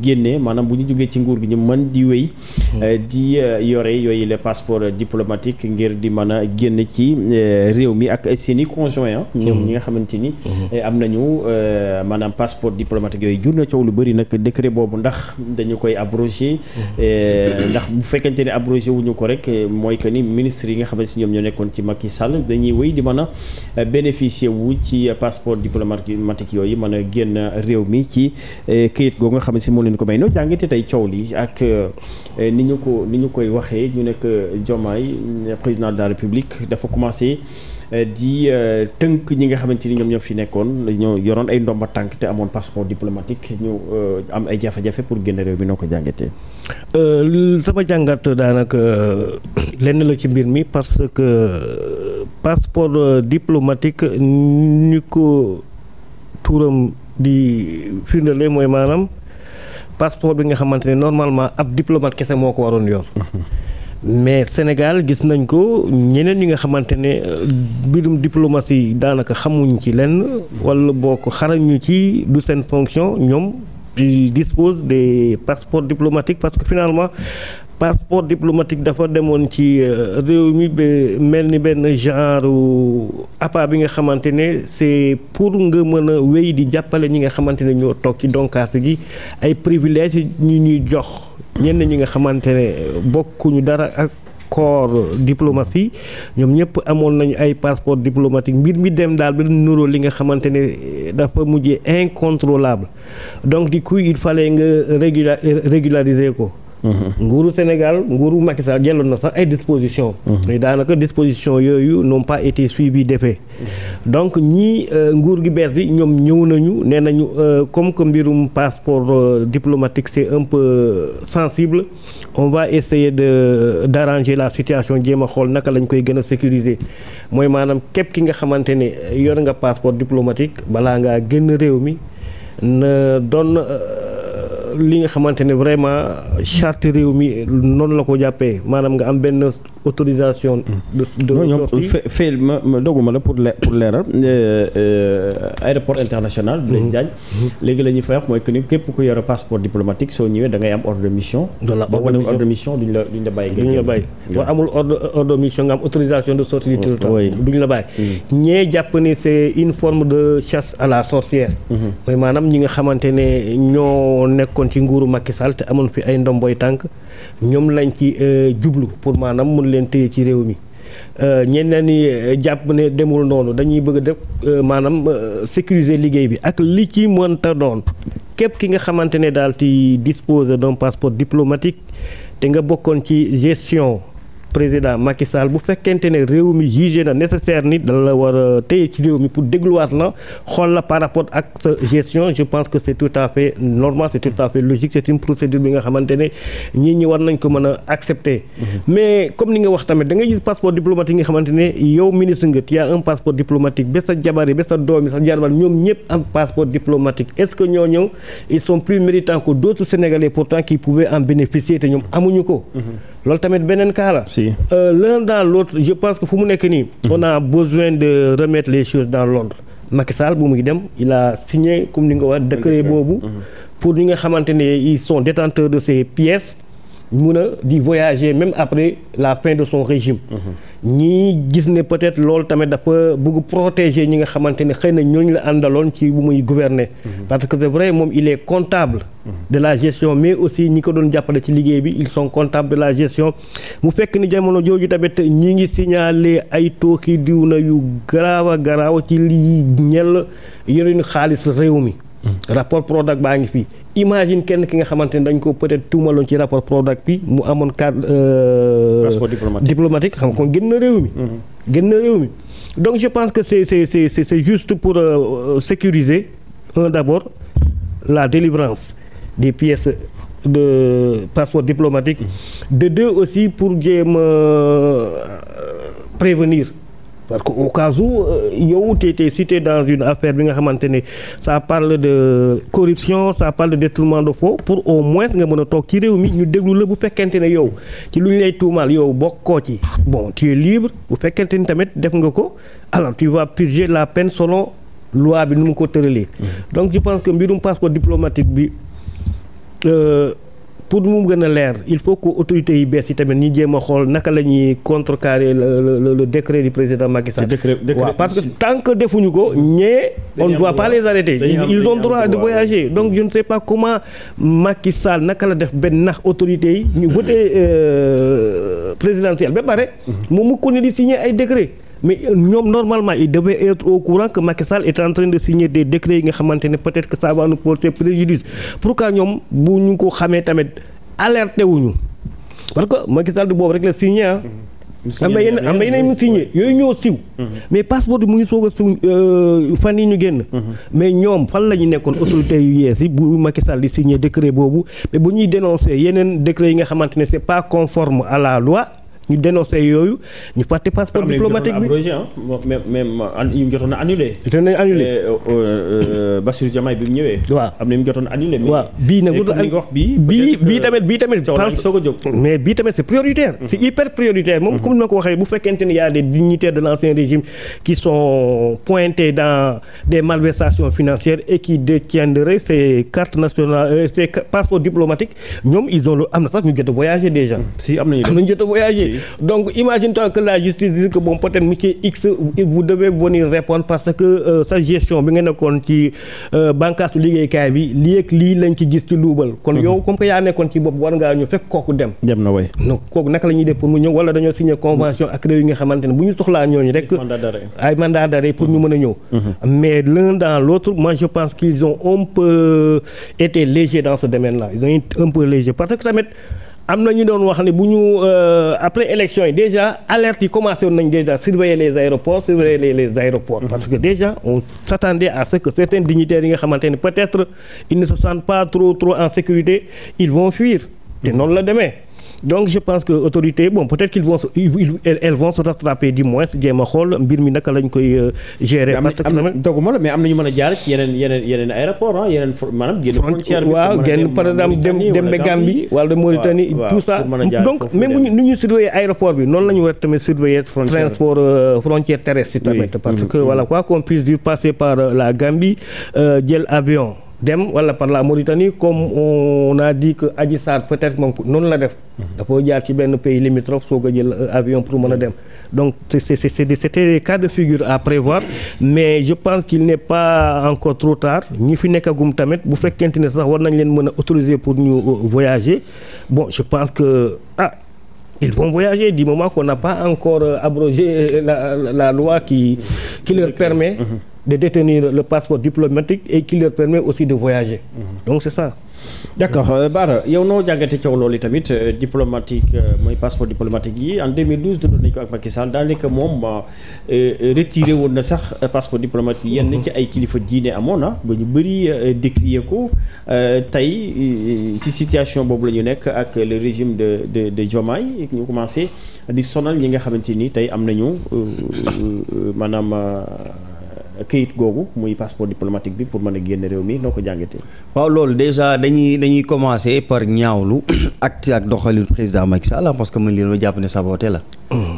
génnee maanaam bu ñu jógee ci nguur gi ñu mën di wéy hmm. eh, di eh, yore yooyu les passeports diplomatiques ngir di mën a génn ci eh, réew mi ak seen i conjoint ah. ñi nga xamante ni hmm. Hmm. am nañu maanaam passeport diplomatique yooyu jur na coow lu bëri nag décret boobu ndax dañu koy abrogé ndax bu fekkente ne abrogé wuñu ko rek mooy que ni ministre yi nga xamante si ñoom ñoo nekkoon ci yi Sall dañuy wéy di mën a bénéficier wu ci passeport diplomatique yooyu mën a génn réew mi ci xam ne si moo leen ko may noo jàngate tey coow li ak eh, ni ñu ko ni ñu koy waxee ñu nekk Diomaye président de la République dafa commencé eh, di eh, tënk ñi nga xamante ni ñoom ñoo fi nekkoon ñoo yoroon ay ndomba tànk te amoon passeport diplomatique ñu am ay jafe-jafe pour génn réew mi noo ko jàngatee. Euh, sama jàngat daanaka lenn la ci mbir mi parce que passeport euh, diplomatique ñu ko tuuram di firndale mooy maanaam. passeport bi nga xamante ne normalement ab diplomate kese moo ko waroon yor. mais Sénégal gis nañ ko ñeneen ñi nga xamante ne euh, birum diplomatie daanaka xamuñ ci lenn wala boo ko xarañu ci du seen fonction ñoom ils disposent des passeports diplomatiques parce que finalement. passeport diplomatique dafa demoon ci euh, réew mi ba mel ni benn genre appât bi nga xamante ne c'est pour nga mën a wéy di jàppale ñi nga xamante ne ñoo toog ci donkaas gi ay privilèges ñu ñuy jox ñenn ñi nga xamante ne bokkuñu dara ak corps diplomatie ñoom ñëpp amoon nañu ay passeport diplomatique mbir mi dem daal ba nuroo li nga xamante ne euh, dafa mujjee incontrôlable donc di coup fale fallait nga régula régulariser ko nguuru Sénégal nguuru Macky Sall jëloon na sax ay dispositions. Mhm. mais daanaka disposition yooyu n'ont pas été suivies defee mhm. donc ñii euh, nguur gi bees bi ñoom ñëw nañu nee nañu euh, comme que mbirum passeport euh, diplomatique c'est un peu sensible on va essayer de d'arranger la situation jéem a xool naka lañ koy gën a sécuriser mooy maanaam képp ki nga xamante ni yoon nga passeport diplomatique balaa ngaa génn réew mi na doon. li nga xamante ne vraiment charte réew mi noonu la ko jàppee maanaam nga am benn autorisation. de de ñoom euh, fay ma ma doguma la pour pour leeral. Euh, euh, aéroport international. Mhm. Blaise Diagne. Mhm. léegi la ñuy fay mooy que ni képp ku yore passeport diplomatique soo ñëwee da ngay am ordre de mission. voilà ordre de de mission duñ la duñ la bàyyi. de mission nga am autorisation oh, mm. ñee jàpp ni c'est une forme de chasse à la sorcière. Mm-hmm. maanaam ñi nga xamante ne ñoo nekkoon ci nguuru Macky Sall te amoon fi ay ndomboy tànk. ñoom lañ ci euh, jublu pour maanaam mun leen téye ci réew mi euh, ñeneen ñi euh, jàpp ne demul noonu dañuy bëgg def maanaam sécuriser liggéey bi ak li ci mënta doon képp ki nga xamante ne daal ci disposer d'un passeport diplomatique te nga bokkoon ci gestion. président Macky Sall bu fekkente ne réew mi jugé na nécessaire ni dana la war a téye ci réew mi pour dégluwaat la xool la par rapport ak sa gestion je pense que c' est tout à fait normal c' est tout à fait logique c' une procédure bi nga xamante ne ñii ñi war nañ ko mën a accepter. Mhm. mais comme ni nga wax tamit da ngay passeport diplomatique nga xamante ne yow ministre nga tu as passeport diplomatique ba sa jabar yi ba sa sa jabar ñoom ñëpp que ñoo ñëw ils sont ko. Mhm. loolu tamit beneen cas la. si euh, l'un dans l'autre je pense que fu mu nekk nii. Mm-hmm. on a besoin de remettre les choses dans l'ordre Macky Sall bu muy dem il a signé comme ni nga ko waxee décret boobu. Mm-hmm. pour ñi nga xamante ne son sont détenteurs de ces pièces. mun a di voyager même après la fin de son régime. ñii gis ne peut-être loolu tamit dafa bëgg protéger ñi nga xamante ne xëy na ñooñu la àndaloon ci bu muy gouverner. Mhm. parce que c'est vrai moom il est comptable. Mhm. de la gestion mais aussi ñi ko doon jàppale ci liggéey bi ils sont comptables de la gestion mu fekk ni jamono jooju tamit ñi ngi signaler ay tooki diw na yu garaaw a garaaw ci lii ñel yorinu xaalis réew mi. Mhm. rapport Prodac baa ngi fi. imagine kenn ki nga xamante ne dañ ko peut-être tuumaloon ci rapport Prodac bi mu amoon cadre euh, diplomatique xam kon gën na réew mi mhm. gën na réew mi donc je pense que c'est c'est c'est c'est juste pour euh, sécuriser un d'abord la délivrance des pièces de passeport diplomatique mhm. de deux aussi pour jéem a euh, prévenir parce que au cas où euh, yow tu étais cité dans une affaire bi nga xamante ne ça parle de corruption ça parle de détournement de fonds pour au moins nga mën a toog ci réew mi ñu déglu la bu fekkente ne yow ci lu ñu lay tuumaal yow bokkoo ci bon tu es libre bu fekkente ni tamit def nga ko alors tu vas purger la pen selon loi bi nu mu ko tëralee. Mmh. donc je pense que mbirum passeport diplomatique bi. Euh, pour mu gën a leer il faut que autorités yi bees yi tamit ñu jéem a xool naka la ñuy contrecarrer le le décret du président Macky Sall. décret waaw parce que tant que defuñu ko ñee. on ne doit pas les arrêter. ils ont droit de voyager donc je ne sais pas comment Macky Sall naka la def benn nax autorités yi. ñu voté euh, présidentielle ba pare. moom mu ko di signer ay décret. mais euh, ñoom normalement il devait être au courant que Macky Sall est en train de signer yi nga xamante ne peut-être que ça va nous porter préjudice ñoom bu ñu ko xamee tamit alerté wuñu parce que Macky Sall boobu rek la signé ah. am na yenn am yeneen signé yooyu ñoo siw mm-hmm. mais passeport bi mu ngi soog a siw euh, fan yi ñu génn mm-hmm. mais ñoom fan la ñu nekkoon autorité yu yees yi bu Macky Sall di signé décret boobu mais bu ñuy dénoncé yeneen décret yi nga xamante ne c'est pas conforme la loi ñu dénoncé yooyu ñu parti passeport diplomatique bi même même yi mu jotoon a annulé. jotoon nañu annulé euh, euh, euh, Bassirou Diomaye bi mu ñëwee. waaw am na yu mu jotoon annulé. waaw bii nag li nga wax bii. bii bii tamit bii tamit. soog a jóg mais bii tamit c' est prioritaire. Mhm. c' hyper prioritaire moom mhm. comme ni ma ko waxee bu fekkente ni y' a de l' ancien régime qui sont pointés dans des malversations financières et qui détiendraient ces cartes nationales ces passeports diplomatiques ñoom ils ont am na sax ñu jot a voyagé déjà. si am na ñu jot a donc imagine toi que la justice dit que bon peut-être monsieur X vous devez parce que euh, sa gestion bi nga nekkoon ci euh, bànqaasu liggéeykaay bi lii ak lii lañ ci gis ci luubal kon yow mhm. comme que yaa nekkoon ci bopp war ngaa ñëw fekk kooku dem dem na way non kooku naka la ñuy def pour mu ñëw wala dañoo signé convention ak réew yi nga xamante ne bu ñu soxlaa ñooñu rek ay mandat d'arrêt pour ñu mën a ñëw mhm. mais l'un dans l'autre moi je pense qu'ils ont un peu euh, été am na ñu doon wax ne bu ñu euh, après élection yi déjà alerte yi commencé nañ déjà surveiller les aéroports surveiller les aéroports mm-hmm. parce que déjà on s'attendait à ce que certains dignitaires yi nga xamante ne peut-être ils ne se sentent pas trop trop en sécurité ils vont fuir te mm-hmm. noonu la demee donc je pense que autorité bon peut-être qu'ils vont elles vont se rattraper du a xool mbir mi naka lañ koy euh, gérer. parce que doguma la mais am na mën a jaar ci yeneen yeneen yeneen aéroport ah par exemple dem dem ba Gambie wala Mauritanie tout ça donc même bu ñu nu aéroport bi noonu la ñu war tamit surveiller transport euh, frontière terrestre si tamit parce mm-hmm. que voilà quoi qu'on puisse dire passer par euh, la Gambie jël avion dem wala par la Mauritanie comme on a di que Adji Sarr peut-être moom noonu la def. Mhm. dafa jaar ci benn pays limitrophe soo ko jël euh, avion pour mën a dem. donc c'est c'est c'était des cas de figure à prévoir mais je pense qu'il ne pas encore trop tard ñi fi nekkagum tamit bu fekkente ne sax war nañ leen mën a autoriser pour ñu euh, voyager bon je pense que ah. ils vont voyager du moment qu'on n'a pas encore euh, abrogé la la loi qui qui leur permet. Mhm. de détenir le passeport diplomatique et qui leur permet aussi de voyager. Mmh. donc c'est ça. d'accord euh, Bara yow noo jàngate coow loolu tamit euh, diplomatique euh, mooy passeport diplomatique yi en 2012 dundoon nañu ko ak Macky Sall daanaka moom retiré woon na sax passeport diplomatique yi yenn mhm. ci ay kilifa diine amoon na ba ñu bëri décrier ko tey ci situation boobu la ñu nekk ak le régime de de de Diomaye ñu commencé di sonal ñi nga xamante ni tey am nañu maanaam. këyit googu muy passeport diplomatique bi pour mën a génn réew mi noo ko jàngatee. waaw loolu déjà dañuy dañuy commencer par ñaawlu acte ak doxalin président Macky Sall parce que man li ma jàpp ne saboté la.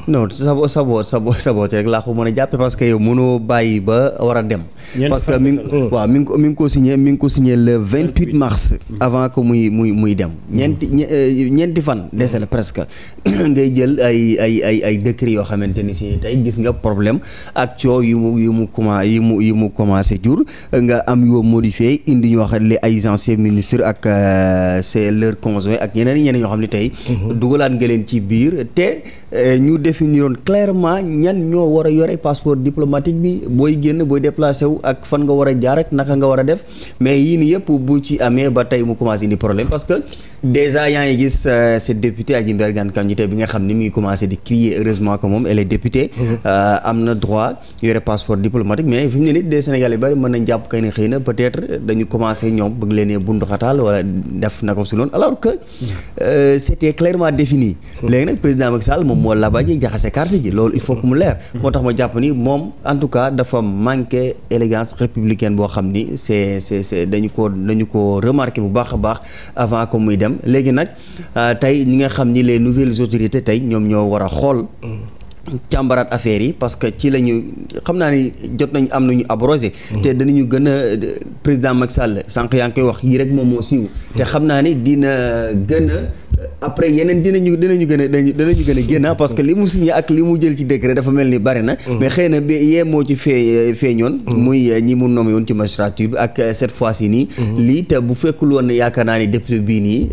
non sabo sabo sabo sabote rek laa ko mën a jàppe parce que yow mënoo bàyyi ba war a dem parce que mi ngi waaw mi ngi mi ngi ko signé mi ngi ko signé le vingt-huit mars mm. avant que muy muy muy dem mm. ñeenti euh, ñeenti fan dese la presque ngay jël ay ay ay ay décret yoo xamante ni si tey gis nga problème ak coow yu mu yu mu commen yu mu yu mu commencé jur nga am yoo modifié indi ñoo xam ne ay anciens ministres ak euh, c'est leur conjoint ak ñeneen ñeneen ñoo xam ne tey mm-hmm. dugalaat nga leen ci biir te euh, ñu définiroon clairement ñan ñoo war a yore passeport diplomatique bi booy génn booy déplacé ak fan nga war a jaar ak naka nga war a def mais yii nii yëpp bu ci amee ba tey mu commencé indi problème parce que déjà yaa ngi gis euh, cette député Adji Mbergane Kanouté bi nga xam ni mi ngi di crier heureusement que moom elle est députée. Mm-hmm. Euh, am na droit yore passeport diplomatique mais fi ne nit des Sénégalais bari mën nañ jàpp kay xëy na peut dañu commencé là-bas jaxase carte ji loolu il faut que mu leer moo tax ma jàpp ni moom en tout cas dafa manqué élégance républicaine boo xam ni c'est c'est c'est dañu ko dañu ko remarqué bu baax a baax avant que muy dem léegi nag euh, tey ñi nga xam ni les nouvelles autorités tey ñoom ñoo war a xool càmbaraat affaire yi parce que ci la ñu xam naa ni jot nañu am nañu abrogé te danañu gën a président Macky Sall sànq yaa ngi koy wax yi rek moom moo siiw te xam naa ni dina gën a après yeneen dina dinañu gën a dinañu gën a génn mm-hmm. parce que li mu signé ak li mu jël ci décret dafa mel ni bari na. Mm-hmm. mais xëy na bi yee moo ci fee euh, feeñoon. Mm-hmm. muy euh, ñi mu noom woon ci magistrature bi ak euh, cette fois ci nii. lii te bu fekkul woon yaakaar naa ni député bii nii.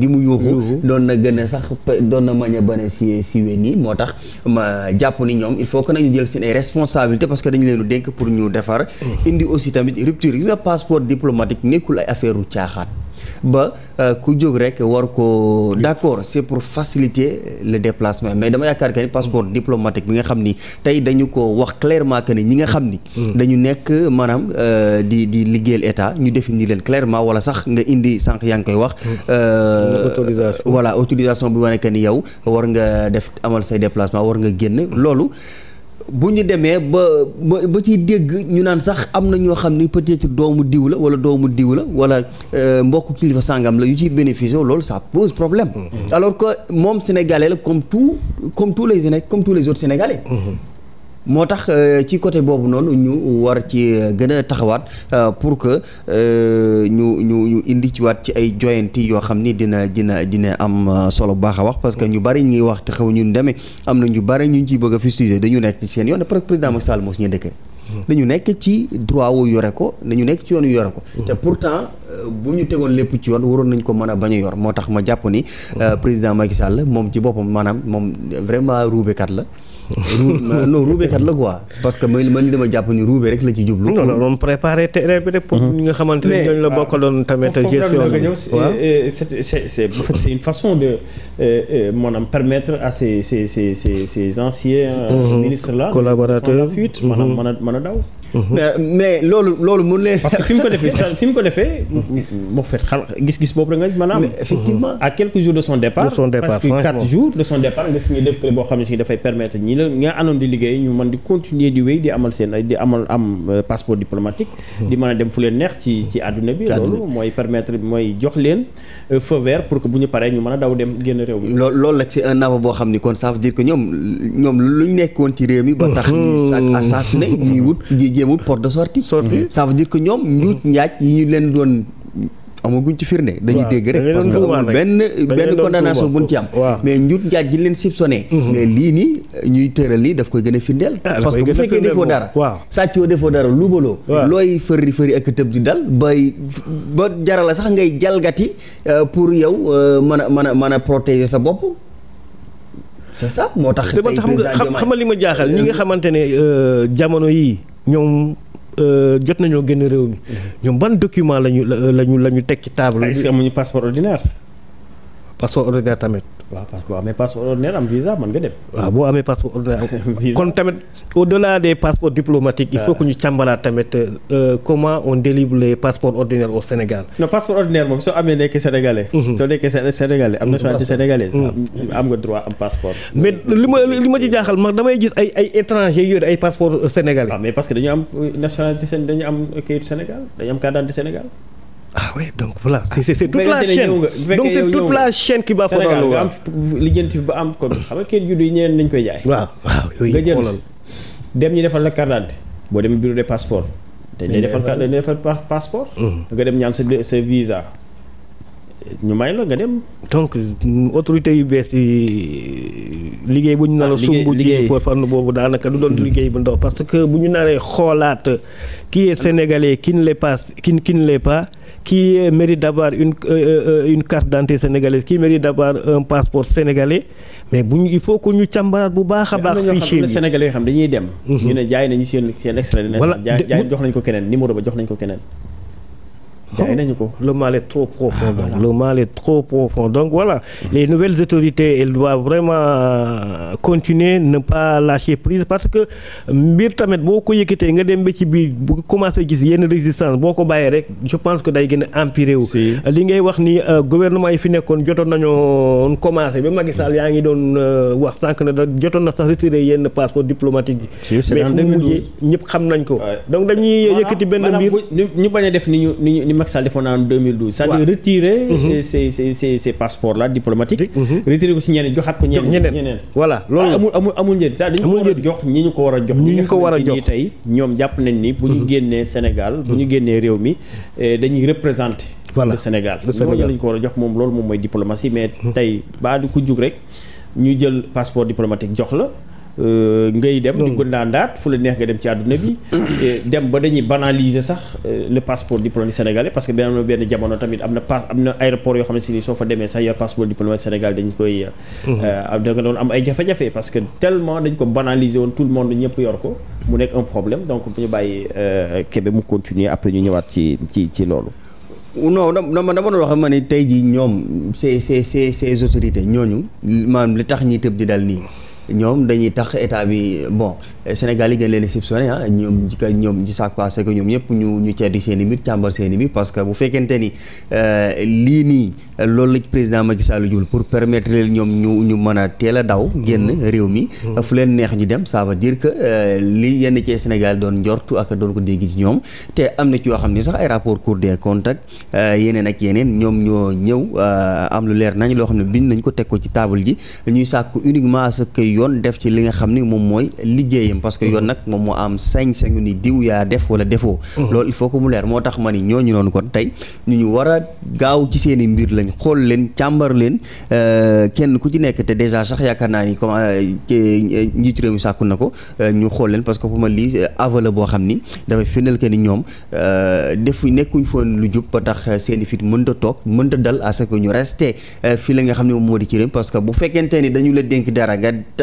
gi mu yuuxu doon na gën a sax doon na mañ a bane si siwee nii moo tax ma jàpp ni ñoom il faut que nañu jël si ay responsabilités parce que dañu leen dénk pour ñu defar. indi aussi tamit rupture gis nga passeport diplomatique nekkul ay affaire u caaxaan. ba euh, ku jóg rek war ko d'accord c'est pour faciliter le déplacement mais dama yaakaar que ni passeport diplomatique bi nga xam ni tey dañu ko wax clairement que ni ñi nga xam ni hmm. dañu nekk maanaam euh, di di liggéeyal état ñu définir leen clairement wala sax nga indi sànq yaa ngi koy wax hmm. euh, voilà autorisation bi wane que ni yow war nga def amal say déplacement war nga génn hmm. loolu bu ñu demee ba ba ba ciy dégg ñu naan sax am na ñoo xam ni peut-être doomu diw la wala doomu diw la wala euh, mbokk kilifa sàngam la yu ciy bénéficier loolu ça pose problème. Mmh. alors que moom sénégalais la comme tout comme tous les comme tous les autres sénégalais. Mmh. moo tax euh, ci côté boobu noonu ñu war ci euh, gën a taxawaat euh, pour que ñu ñu ñu indi ci waat ci ay joyanti yoo xam ni dina dina dina am solo baax a wax parce que ñu bari ñu wax te xaw ñun demee am na ñu bari ñu ciy bëgg a dañu nekk ci seen yoon parce que président mm. Macky Sall moo suñu mm. nekk ci droit wu yore ko dañu nekk ci yoonu yore ko. Mm. te pourtant bu ñu tegoon lépp ci yoon waroon nañ ko mën a bañ yor moo tax ma jàpp ni. président Macky Sall moom ci boppam maanaam moom vraiment ruubekat la. non ruubekat la quoi. parce que man man li dama jàpp ni ruube rek la ci jublu. non non non préparé terrain bi rek. Mhm. nga xamante ne ñooñu la ah, bokkaloon tamit. gestion bi mais euh, euh, c'est c'est c'est une façon de euh, maanaam permettre à ces ces ces ces ces anciens. Mhm. ministres la collaborateurs mën a fuite mhm. mën a mën a daw. mais loolu loolu mun leen. parce que fi mu ko defee fi ko defee. moo fet xal gis-gis boobu rek nga mën a am. effectivement à quelques jours de son départ. de son départ parce que quatre jours de son départ nga signé décret boo xam ne si dafay permettre ñi la nga àndoon di liggéey ñu a bi. mooy jox leen euh, feu vert pour que bu ñu paree ñu daw dem génn réew mi. loolu loolu nag c'est un avant boo xam ni kon ça veut dire que ñoom ñoom luñ nekkoon ci réew mi. ba tax ñu assassiné mmh. ñuy wut amul porte de sortie ça veut dire que ñoom njuuj mm-hmm. njaaj yi ñu leen doon amaguñ ci firnde dañuy dégg rek parce que amul benn benn condamnation buñ ci am mais njuut njaaj ji leen soupçonné mm-hmm. mais lii nii ñuy tëral lii daf koy gën a firndeel ah, parce que bu fekkee defoo dara sàccoo defoo dara luubaloo looy fëri fëri ak tëb di dal bay ba jarala sax ngay jalgati euh, pour yow euh, mën a mën a mën a protéger sa bopp c'est ça moo tax xam li ma jaaxal ñi nga euh, xamante ne jamono yii ñoom euh, jot nañoo génn réew mi. Mm-hmm. ñoom ban document lañu lañu la ñu teg ci table. ay amuñu passeport ordinaire. passeport ordinaire tamit. waaw que boo passeport ordinaire am visa mën nga dem. waaw boo amee passeport ordinaire kon tamit au delà des il faut ah. que ñu càmbalaat tamit euh, euh, comment on délivre les passeports ordinaires Sénégal. non passeport ordinaire moom soo amee nekk sénégalais. Mhm. soo nekkee sénégalais am nationalité mhm. sénégalaise. Mhm. am nga droit am passeport. mais li ma li ma ci jaaxal man damay gis ay ay étrangers yore ay passeport euh, sénégalais. Ah, mais parce que dañu am nationalité dañu ah oui donc voilà ah, c'est c'est toute la chaîne donc c'est toute la chaîne qui va falloir lu ba am ko xam nga kenn juddu yi ñeneen dañ koy jaay waaw waaw nga jël dem ñu defal la carte d'identité boo demee bureau des passeports dañ lay defal dañ lay defal passeport mm. nga dem ñaan sa visa ñu may la nga dem donc autorité yu bees yi liggéey bu ñu nar a ah, sumb ci fànn boobu daanaka du doon liggéey bu ndaw parce que bu ñu naree xoolaat qui est sénégalais qui ne l'est pas qui qui ne l'est qui mérite d'avoir une euh, euh une carte d'identité sénégalaise kii mérite d'avoir un passeport sénégalais mais bu ñu il faut que ñu càmbaraat bu baax a baax. fichier bi sénégalais yoo xam dañuy dem. Mhm. ñu ne jaay nañu seen seen extrait de naissance. jaay jox nañu ko keneen numéro ba jox nañu ko keneen. jaay nañu ko le mal est trop profond. Ah, voilà. le mal est trop profond donc voilà. Mm-hmm. les nouvelles autorités elles doivent vraiment euh, continuer ne pas lâcher prise parce que mbir tamit boo ko yëkkatee nga dem ba ci biir bu commencé gis yenn résistance boo ko bàyyee rek je pense que day gën a empiré wu. li ngay wax ni euh, gouvernement yi fi nekkoon jotoon nañoo commencé ba Macky Sall yaa ngi doon euh, wax sànq ne da jotoon na sax retiré yenn passeport diplomatique yi. mais fu mujjee ñëpp xam nañ ko. donc dañuy yëkkati benn mbir ñu bañ a saa Sall defoon naa en 2012. waaw c'est-à-dire retirer. Mm-hmm. ces ces ces ces passeports mm-hmm. ko si ñeneen joxaat ko ñeneen. ñeneen ñeneen voilà. loolu amul amul amul njëriñ c'est-à-dire dañu ko war a jox ñi ñu ko war a jox. ñi ñu ko war a jox tey ñoom jàpp nañ ni. bu ñu mm-hmm. génnee Sénégal bu ñu génnee réew mi eh, dañuy représenter. voilà le Sénégal ñooñu lañ ko war a jox moom loolu moom mooy diplomatie mais tey baa di ku jug rek ñu jël passeport diplomatique jox la Euh, ngay dem di ko naandaat fu la neex nga dem ci àdduna bi dem ba dañuy banaliser sax euh, le passeport diplomatique sénégalais parce que benn benn jamono tamit am na pa am na aéroport yoo xam ne si ni soo fa demee sax yor passeport diplomatique sénégalais dañ euh, am ay jafe-jafe parce que tellement dañ ko banaliser woon tout le monde ñëpp yor ko mu nekk un problème donc bu ñu bàyyi Kébé mu continuer après ñu ñëwaat ci ci ci loolu non dama dama doon wax man ne tey jii ñoom ces ces ces autorité ñooñu maanaam li tax ñiy tëb di dal nii ñoom dañuy tax état bi bon Sénégal yi gën leen a soupçonné ah ñoom ci ñoom ci sax parce que ñoom ñëpp ñu ñu ceddi seen i mbir càmbar seen i mbir parce que bu fekkente ni euh, lii nii loolu la président Macky Sall jul pour permettre leen ñoom ñu ñu mën a teel a daw. génn mm-hmm. réew mi. Mm-hmm. fu leen neex ñu dem saa veut dire que euh, li yenn ci Sénégal doon njortu ak doon ko dégg ci ñoom te am na ci yoo xam ne sax ay rapport Cour des comptes ak euh, yeneen ak yeneen ñoom ñoo ñëw am lu leer nañ loo xam ne bind nañ ko teg ko ci table ji yoon def ci li nga xam ni moom mooy liggéeyam parce que yoon nag moom moo am sañ-sañu ni diw yaa def wala defoo mm-hmm. loolu il faut mu leer moo tax ma ni ñooñu noonu kon tey ñu ñu gaaw ci seen i mbir lañ xool leen càmbar leen euh, kenn ku ci nekk te dèjà sax yaakaar naa ni comme euh, njiitu réew mi sàkku na ko euh, ñu xool leen parce que pour ma lii avala boo xam ni dafay firndeel ni ñoom defu nekkuñ foon lu jub ba tax seen i fit mënta toog mënta dal à ce que ñu resté fi la nga xam ne moom moo di ci réew parce que bu fekkente ni dañu la dénk dara nga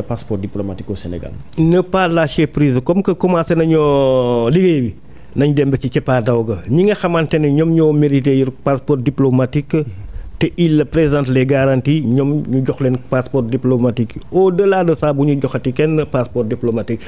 de passeport diplomatique au Sénégal. ne pas lâcher prise comme que commencé nañoo liggéey bi nañ dem ba ci cappaandaw ga ñi nga xamante ne ñoom ñoo mérité yor passeport diplomatique. te il présente les garanties ñoom ñu jox leen passeport diplomatique au delà de ça bu ñu joxati kenn passeport diplomatique.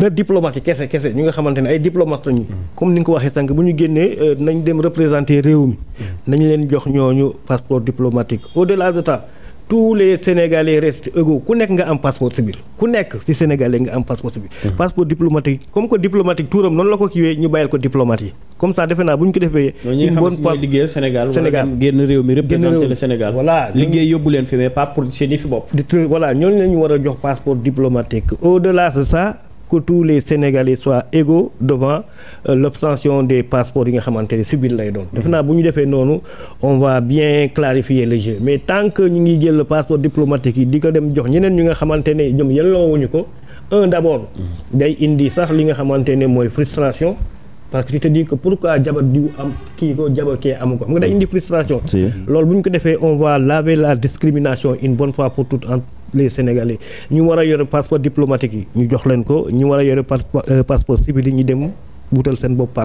na diplomate yi kese kese ñi nga xamante ne ay diplomate lañu. comme ni nga ko bu ñu génnee euh, nañ dem représenter réew mi. Mm. nañ leen jox ñooñu passeport diplomatique au delà de ça. tous les sénégalais restent ku nekk nga am passeport civil ku nekk si sénégalais nga am passeport civil. Hmm. passeport diplomatique comme que diplomatique tuuram noonu la ko kiiwee ñu bàyyil ko diplomate yi comme ça defe naa bu ñu ko defee. une bonne part ñi nga Sénégal Sénégal génn réew mi représenté le Sénégal. voilà liggéey yóbbu leen fi mais pas pour seen i fi bopp. voilà ñooñu la ñu war a jox passeport diplomatique au delà de ça que tous les Sénégalais soient égaux devant euh, l'obtention des passeports yi nga xamante ne civil lay doon. defe naa bu ñu defee noonu on va bien clarifier le jeu mais tant ñu ngi jël passeport diplomatique yi di ko dem jox ñeneen ñi nga xamante ne ñoom yelloowuñu ko un d'abord. day indi sax li nga xamante ne mooy frustration. parce que tu te dis que pourquoi jabar diw am kii ko jabar kee amu xam nga day indi frustration. loolu bu ñu ko defee on va laver la les sénégalais ñu war a yore passeport diplomatique yi ñu jox leen ko ñu war a yore passeport euh, civil yi ñu dem wutal seen boppa